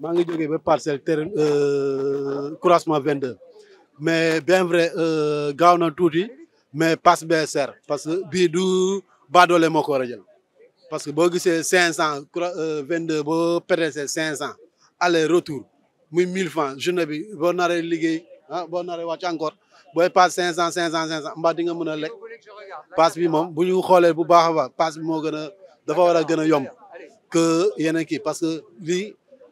maa ngi jógee ba parcelle ter euh, croisement 22 mais bien vrai euh, gaaw na tuuti mais passe bee seer parce que bii du baadoole moo ko parce que boo gisee 500 22 euh, boo perdee 500 aller retour muy 1000 francs Je journée bi boo naree liggéey ah boo naree wàcc encore booy passe 500 500 500 mbaa di nga mën a lekk passe bi moom bu ñu xoolee bu baax a baax passe bi moo gën a dafa war a gën a yomb que yeneen kii parce que lii.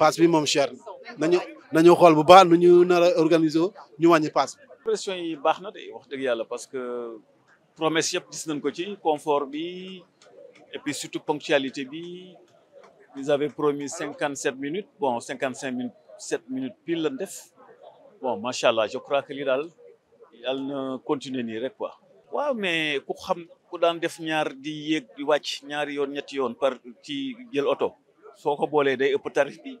passe mon cher. Nous avons organisé une passe. La pression est bonne parce que la promesse est le confort et puis surtout la ponctualité. Ils avaient promis 57 minutes. Bon, 55 minutes, 7 minutes pile. En def. Bon, machallah, je crois que l'Iral ne continue ni quoi. Oui, mais quand vous avez fait des choses, vous avez fait des choses par petit auto. Si vous avez fait des choses, vous avez fait des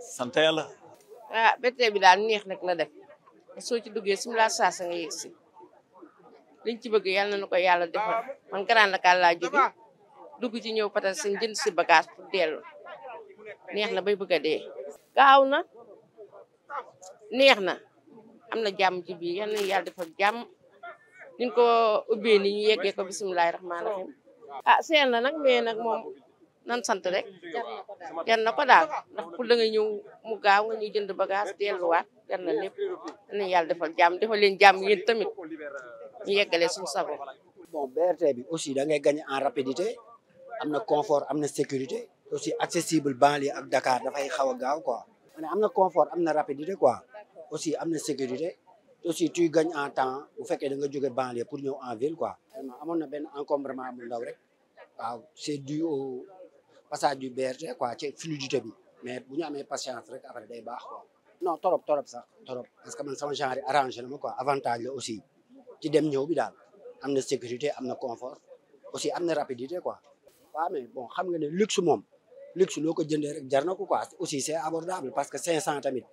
sant yàlla. ah bettee bi daal neex nag la def soo ci duggee su ma laa sa nga yegg si liñ ci bëgg yàlla na ko yàlla defal man Grand Dakar laa jóge dugg ci ñëw patal jënd si bagage pour dellu neex na bay bëgg a gaaw na neex na am na jàmm ci biir yal na yàlla defal jàmm niñ ko ubbee ni ñu ya yeggee ko bisimilahi rahmaani rahim ah seen la nag mais nan sant rek jar na ko daal ndax pour da nga ñëw mu gaaw nga ñuy jënd te delluwaat jar na lépp nañ yàlla defal jàmm defal leen jàmm yéen tamit ñu yeggale suñu sago bon bi aussi da ngay gagner en rapidité am na confort am na sécurité aussi accessible banlieue ak Dakar dafay xaw gaaw quoi ma ne am na confort am na rapidité quoi aussi am na sécurité aussi tu gagnes en temps bu fekkee da nga jóge banlieue pour ñëw en ville quoi vraiment amoon na benn encombrement bu ndaw rek waaw c'est dû au passage du BRT quoi ci fluidité bi mais bu ñu amee patience rek a après day baax quoi. non torop torop sax torop parce que man sama genre arrangé na ma quoi avantage la aussi ci dem ñëw bi daal am na sécurité am na confort aussi am na rapidité quoi. waaw mais bon xam nga ne luxe moom luxe noo ko jëndee rek jar na ko quoi aussi c'est abordable parce que cent tamit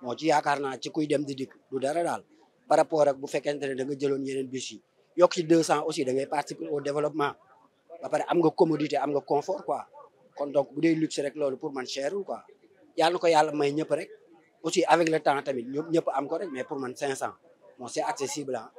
moo ci yaakaar naa ci kuy dem di dikk du dara daal par rapport ak bu fekkente ne da nga jëloon yeneen bus yi yokk ci 200 aussi da ngay participer au développement ba pare nga commodité am nga confort quoi. kon donc bu dee luxe rek loolu pour man cherul quoi yàlla na ko yàlla may ñëpp rek aussi avec le temps tamit ñëpp ñëpp am ko rek mais pour man 500 bon c'est accessible ah.